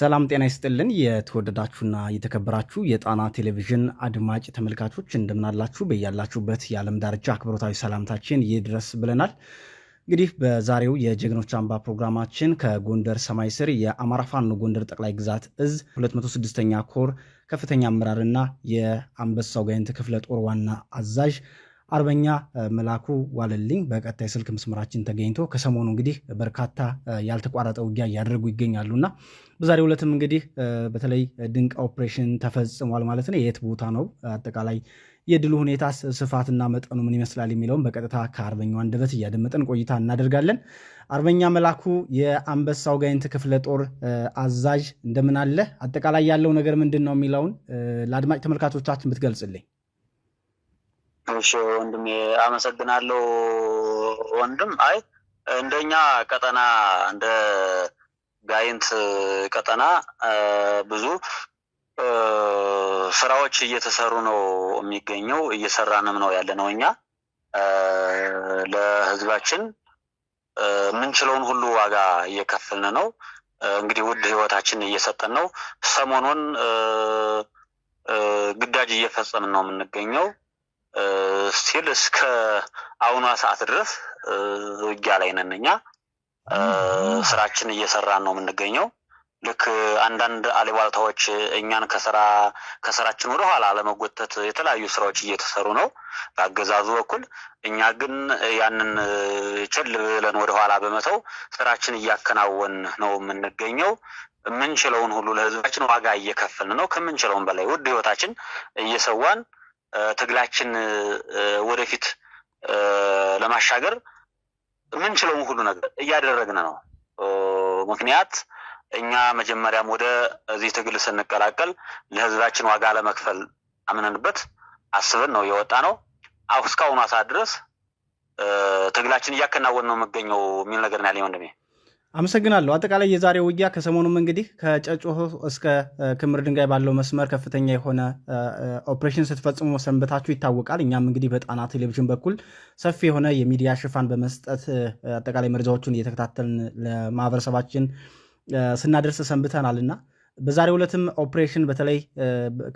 ሰላም ጤና ይስጥልን። የተወደዳችሁና የተከበራችሁ የጣና ቴሌቪዥን አድማጭ ተመልካቾች እንደምናላችሁ፣ በያላችሁበት የዓለም ዳርቻ አክብሮታዊ ሰላምታችን ይድረስ ብለናል። እንግዲህ በዛሬው የጀግኖች አምባ ፕሮግራማችን ከጎንደር ሰማይ ስር የአማራ ፋኖ ጎንደር ጠቅላይ ግዛት እዝ 26ኛ ኮር ከፍተኛ አመራርና የአንበሳው ጋይንት ክፍለ ጦር ዋና አዛዥ አርበኛ መላኩ ዋለልኝ በቀጣይ የስልክ መስመራችን ተገኝቶ ከሰሞኑ እንግዲህ በርካታ ያልተቋረጠ ውጊያ እያደረጉ ይገኛሉና በዛሬው ዕለትም እንግዲህ በተለይ ድንቅ ኦፕሬሽን ተፈጽሟል ማለት ነው። የት ቦታ ነው፣ አጠቃላይ የድሉ ሁኔታ ስፋትና መጠኑ ምን ይመስላል የሚለውም በቀጥታ ከአርበኛው አንደበት እያደመጠን ቆይታ እናደርጋለን። አርበኛ መላኩ የአንበሳው ጋይንት ክፍለ ጦር አዛዥ እንደምን አለ፣ አጠቃላይ ያለው ነገር ምንድን ነው የሚለውን ለአድማጭ ተመልካቾቻችን ብትገልጽልኝ። እሺ ወንድም አመሰግናለሁ። ወንድም አይ እንደኛ ቀጠና እንደ ጋይንት ቀጠና ብዙ ስራዎች እየተሰሩ ነው የሚገኘው እየሰራንም ነው ያለ ነው። እኛ ለህዝባችን የምንችለውን ሁሉ ዋጋ እየከፈልን ነው። እንግዲህ ውድ ህይወታችን እየሰጠን ነው። ሰሞኑን ግዳጅ እየፈጸምን ነው የምንገኘው። ስቲል እስከ አሁኗ ሰዓት ድረስ ውጊያ ላይ ነን እኛ። ስራችን እየሰራን ነው የምንገኘው። ልክ አንዳንድ አሊባልታዎች እኛን ከስራ ከስራችን ወደ ኋላ ለመጎተት የተለያዩ ስራዎች እየተሰሩ ነው በአገዛዙ በኩል። እኛ ግን ያንን ችል ብለን ወደ ኋላ በመተው ስራችን እያከናወን ነው የምንገኘው። የምንችለውን ሁሉ ለህዝባችን ዋጋ እየከፈልን ነው። ከምንችለውን በላይ ውድ ህይወታችን እየሰዋን ትግላችን ወደፊት ለማሻገር የምንችለውን ሁሉ ነገር እያደረግን ነው። ምክንያት እኛ መጀመሪያም ወደ እዚህ ትግል ስንቀላቀል ለህዝባችን ዋጋ ለመክፈል አምነንበት አስበን ነው የወጣ ነው። እስካሁኗ ሰዓት ድረስ ትግላችን እያከናወን ነው የምገኘው የሚል ነገር ነው ያለኝ ወንድሜ። አመሰግናለሁ። አጠቃላይ የዛሬ ውጊያ ከሰሞኑም እንግዲህ ከጨጮሆ እስከ ክምር ድንጋይ ባለው መስመር ከፍተኛ የሆነ ኦፕሬሽን ስትፈጽሙ ሰንበታችሁ ይታወቃል። እኛም እንግዲህ በጣና ቴሌቪዥን በኩል ሰፊ የሆነ የሚዲያ ሽፋን በመስጠት አጠቃላይ መረጃዎቹን እየተከታተልን ለማህበረሰባችን ስናደርስ እና በዛሬ ዕለትም ኦፕሬሽን በተለይ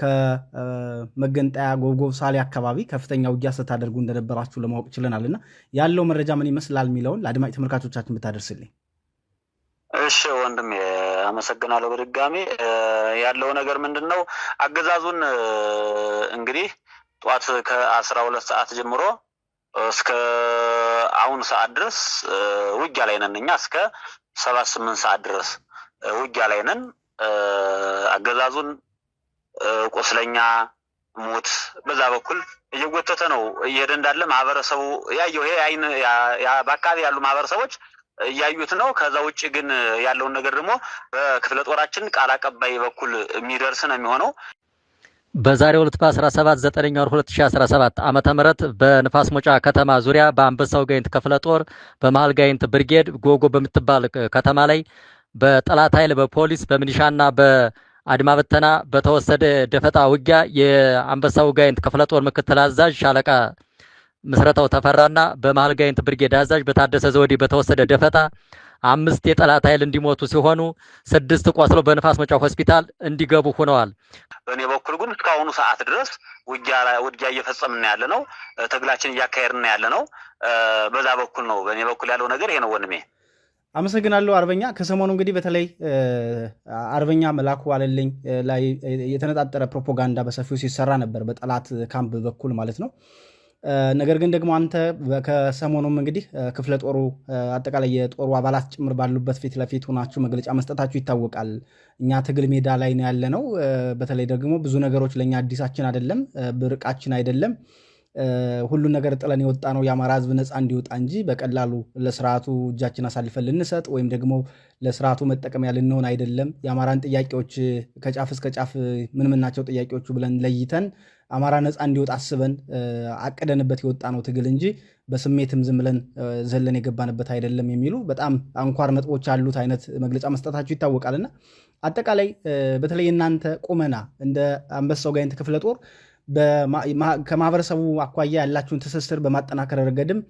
ከመገንጠያ ጎብጎብ ሳሌ አካባቢ ከፍተኛ ውጊያ ስታደርጉ እንደነበራችሁ ለማወቅ ችለናልና ያለው መረጃ ምን ይመስላል የሚለውን ለአድማጭ ተመልካቾቻችን ብታደርስልኝ እሺ ወንድም አመሰግናለሁ። በድጋሚ ያለው ነገር ምንድን ነው? አገዛዙን እንግዲህ ጠዋት ከአስራ ሁለት ሰዓት ጀምሮ እስከ አሁን ሰዓት ድረስ ውጊያ ላይ ነን እኛ እስከ ሰባት ስምንት ሰዓት ድረስ ውጊያ ላይ ነን። አገዛዙን ቁስለኛ፣ ሞት በዛ በኩል እየጎተተ ነው እየሄደ እንዳለ ማህበረሰቡ ያየው ይሄ በአካባቢ ያሉ ማህበረሰቦች እያዩት ነው። ከዛ ውጭ ግን ያለውን ነገር ደግሞ በክፍለ ጦራችን ቃል አቀባይ በኩል የሚደርስ ነው የሚሆነው። በዛሬው ዕለት በ17 ዘጠነኛ ወር 2017 ዓመተ ምህረት በንፋስ ሞጫ ከተማ ዙሪያ በአንበሳው ጋይንት ክፍለ ጦር በመሀል ጋይንት ብርጌድ ጎጎ በምትባል ከተማ ላይ በጠላት ኃይል በፖሊስ በምኒሻና በአድማ በተና በተወሰደ ደፈጣ ውጊያ የአንበሳው ጋይንት ክፍለ ጦር ምክትል አዛዥ ሻለቃ ምስረታው ተፈራና በመሀል ጋይንት ብርጌድ አዛዥ በታደሰ ዘወዴ በተወሰደ ደፈጣ አምስት የጠላት ኃይል እንዲሞቱ ሲሆኑ ስድስት ቆስለው በንፋስ መጫ ሆስፒታል እንዲገቡ ሆነዋል። በእኔ በኩል ግን እስካሁኑ ሰዓት ድረስ ውጊያ እየፈጸምን ያለ ነው። ትግላችን እያካሄድን ያለ ነው። በዛ በኩል ነው በእኔ በኩል ያለው ነገር ይሄ ነው። ወንድሜ አመሰግናለሁ። አርበኛ ከሰሞኑ እንግዲህ በተለይ አርበኛ መላኩ አለልኝ ላይ የተነጣጠረ ፕሮፓጋንዳ በሰፊው ሲሰራ ነበር፣ በጠላት ካምፕ በኩል ማለት ነው ነገር ግን ደግሞ አንተ ከሰሞኑም እንግዲህ ክፍለ ጦሩ አጠቃላይ የጦሩ አባላት ጭምር ባሉበት ፊት ለፊት ሆናችሁ መግለጫ መስጠታችሁ ይታወቃል። እኛ ትግል ሜዳ ላይ ነው ነው። በተለይ ደግሞ ብዙ ነገሮች ለእኛ አዲሳችን አይደለም፣ ብርቃችን አይደለም። ሁሉን ነገር ጥለን የወጣ ነው የአማራ ሕዝብ ነፃ እንዲወጣ እንጂ በቀላሉ ለስርዓቱ እጃችን አሳልፈን ልንሰጥ ወይም ደግሞ ለስርዓቱ መጠቀሚያ ልንሆን አይደለም። የአማራን ጥያቄዎች ከጫፍ እስከ ጫፍ ምን ምናቸው ጥያቄዎቹ ብለን ለይተን አማራ ነፃ እንዲወጣ አስበን አቅደንበት የወጣ ነው ትግል እንጂ በስሜትም ዝም ብለን ዘለን የገባንበት አይደለም የሚሉ በጣም አንኳር ነጥቦች ያሉት አይነት መግለጫ መስጠታችሁ ይታወቃልና አጠቃላይ በተለይ እናንተ ቁመና እንደ አንበሳው ጋይንት ክፍለ ጦር ከማህበረሰቡ አኳያ ያላችሁን ትስስር በማጠናከር ረገድም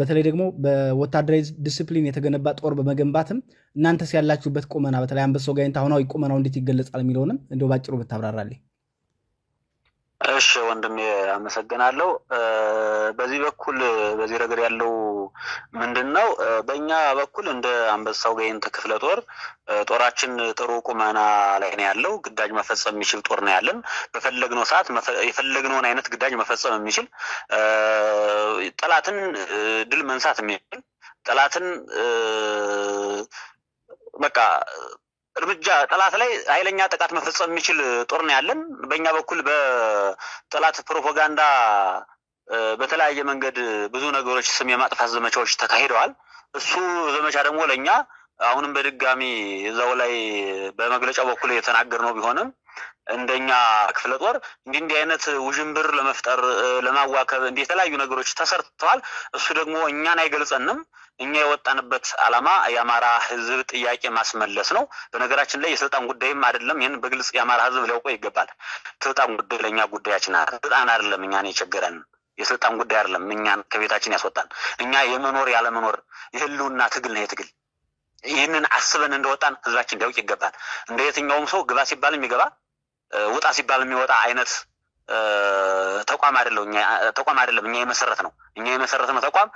በተለይ ደግሞ በወታደራዊ ዲስፕሊን የተገነባ ጦር በመገንባትም እናንተስ ያላችሁበት ቁመና በተለይ አንበሳው ጋይንት አሁናዊ ቁመናው እንዴት ይገለጻል የሚለውንም እንደ ባጭሩ ብታብራራልኝ። እሺ ወንድሜ አመሰግናለሁ። በዚህ በኩል በዚህ ረገድ ያለው ምንድን ነው? በእኛ በኩል እንደ አንበሳው ጋይንት ክፍለ ጦር ጦራችን ጥሩ ቁመና ላይ ነው ያለው። ግዳጅ መፈጸም የሚችል ጦር ነው ያለን። በፈለግነው ሰዓት የፈለግነውን አይነት ግዳጅ መፈጸም የሚችል ጠላትን ድል መንሳት የሚችል ጠላትን በቃ እርምጃ ጠላት ላይ ኃይለኛ ጥቃት መፈጸም የሚችል ጦር ነው ያለን። በእኛ በኩል በጠላት ፕሮፓጋንዳ በተለያየ መንገድ ብዙ ነገሮች፣ ስም የማጥፋት ዘመቻዎች ተካሂደዋል። እሱ ዘመቻ ደግሞ ለእኛ አሁንም በድጋሚ እዛው ላይ በመግለጫው በኩል ነው ቢሆንም እንደኛ ክፍለ ጦር እንዲህ እንዲህ አይነት ውዥንብር ለመፍጠር ለማዋከብ እንዲህ የተለያዩ ነገሮች ተሰርተዋል። እሱ ደግሞ እኛን አይገልጸንም። እኛ የወጣንበት ዓላማ የአማራ ሕዝብ ጥያቄ ማስመለስ ነው። በነገራችን ላይ የስልጣን ጉዳይም አይደለም። ይህን በግልጽ የአማራ ሕዝብ ሊያውቆ ይገባል። ስልጣን ጉዳይ ለእኛ ጉዳያችን ስልጣን አይደለም። እኛን የቸገረን የስልጣን ጉዳይ አይደለም። እኛን ከቤታችን ያስወጣን እኛ የመኖር ያለመኖር የህልውና ትግል ነው። የትግል ይህንን አስበን እንደወጣን ህዝባችን ሊያውቅ ይገባል። እንደ የትኛውም ሰው ግባ ሲባል የሚገባ ውጣ ሲባል የሚወጣ አይነት ተቋም አይደለው ተቋም አይደለም እኛ የመሰረት ነው እኛ የመሰረት ነው ተቋም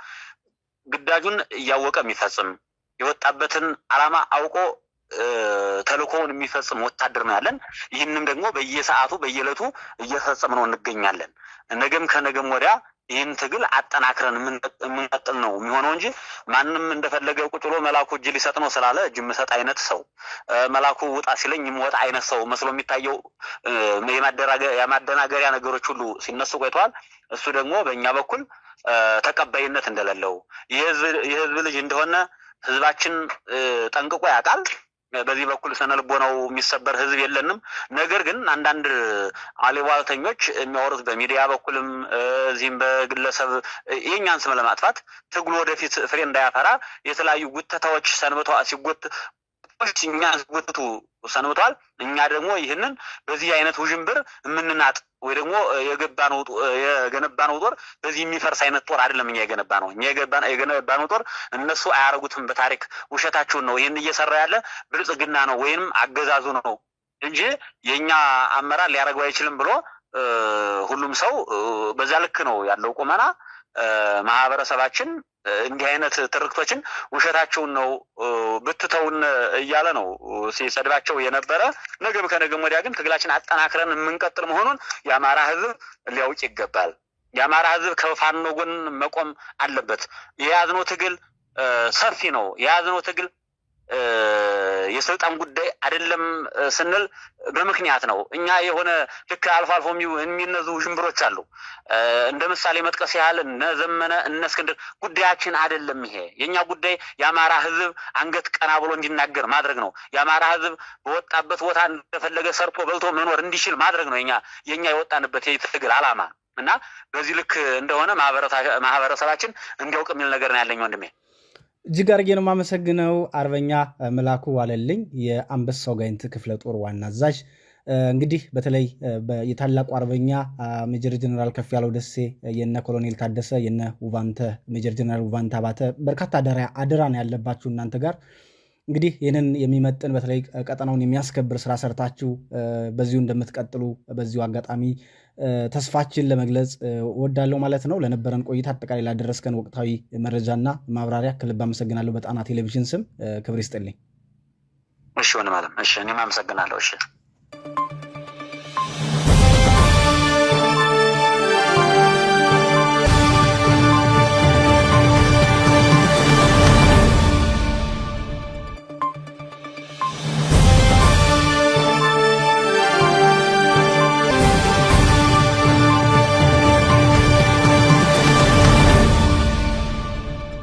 ግዳጁን እያወቀ የሚፈጽም የወጣበትን አላማ አውቆ ተልኮውን የሚፈጽም ወታደር ነው ያለን። ይህንም ደግሞ በየሰዓቱ በየዕለቱ እየፈጸም ነው እንገኛለን። ነገም ከነገም ወዲያ ይህን ትግል አጠናክረን የምንቀጥል እንጂ ማንም እንደፈለገ ቁጭ ብሎ መላኩ እጅ ሊሰጥ ነው ስላለ እጅ ምሰጥ አይነት ሰው መላኩ ውጣ ሲለኝ የምወጣ አይነት ሰው መስሎ የሚታየው የማደናገሪያ ነገሮች ሁሉ ሲነሱ ቆይተዋል። እሱ ደግሞ በእኛ በኩል ተቀባይነት እንደሌለው የህዝብ ልጅ እንደሆነ ህዝባችን ጠንቅቆ ያውቃል። በዚህ በኩል ነው የሚሰበር ህዝብ የለንም። ነገር ግን አንዳንድ አሉባልተኞች የሚያወሩት በሚዲያ በኩልም እዚህም በግለሰብ የእኛን ስም ለማጥፋት ትግሉ ወደፊት ፍሬ እንዳያፈራ የተለያዩ ጉተታዎች ሰንብተዋ ሲጎት ሰዎች እኛ ዝጉቱ ሰንብተዋል። እኛ ደግሞ ይህንን በዚህ አይነት ውዥንብር የምንናጥ ወይ ደግሞ የገነባነው ጦር በዚህ የሚፈርስ አይነት ጦር አይደለም። እኛ የገነባ ነው የገነባነው ጦር እነሱ አያረጉትም። በታሪክ ውሸታቸውን ነው። ይህን እየሰራ ያለ ብልጽግና ነው ወይም አገዛዙ ነው እንጂ የእኛ አመራር ሊያደርገው አይችልም ብሎ ሁሉም ሰው በዛ ልክ ነው ያለው ቁመና ማህበረሰባችን እንዲህ አይነት ትርክቶችን ውሸታቸውን ነው ብትተውን እያለ ነው ሲሰድባቸው የነበረ። ነገም ከነገም ወዲያ ግን ትግላችን አጠናክረን የምንቀጥል መሆኑን የአማራ ህዝብ ሊያውቅ ይገባል። የአማራ ህዝብ ከፋኖ ጎን መቆም አለበት። የያዝነው ትግል ሰፊ ነው። የያዝነው ትግል የስልጣን ጉዳይ አይደለም ስንል በምክንያት ነው። እኛ የሆነ ልክ አልፎ አልፎ የሚነዙ ውዥንብሮች አሉ። እንደ ምሳሌ መጥቀስ ያህል እነ ዘመነ እነ እስክንድር ጉዳያችን አይደለም። ይሄ የእኛ ጉዳይ የአማራ ሕዝብ አንገት ቀና ብሎ እንዲናገር ማድረግ ነው። የአማራ ሕዝብ በወጣበት ቦታ እንደፈለገ ሰርቶ በልቶ መኖር እንዲችል ማድረግ ነው። የእኛ የወጣንበት የትግል አላማ እና በዚህ ልክ እንደሆነ ማህበረሰባችን እንዲያውቅ የሚል ነገር ነው ያለኝ ወንድሜ። እጅግ አድርጌ ነው የማመሰግነው አርበኛ መላኩ ዋለልኝ የአንበሳው ጋይንት ክፍለ ጦር ዋና አዛዥ። እንግዲህ በተለይ የታላቁ አርበኛ ሜጀር ጀነራል ከፍ ያለው ደሴ የነ ኮሎኔል ታደሰ የነ ውባንተ ሜጀር ጀነራል ውባንተ አባተ በርካታ አደራ ነው ያለባችሁ እናንተ ጋር እንግዲህ ይህንን የሚመጥን በተለይ ቀጠናውን የሚያስከብር ስራ ሰርታችሁ በዚሁ እንደምትቀጥሉ በዚሁ አጋጣሚ ተስፋችን ለመግለጽ ወዳለው ማለት ነው። ለነበረን ቆይታ አጠቃላይ ላደረስከን ወቅታዊ መረጃና ማብራሪያ ከልብ አመሰግናለሁ። በጣና ቴሌቪዥን ስም ክብር ይስጥልኝ። እሺ ሆንም አለም እሺ፣ እኔም አመሰግናለሁ። እሺ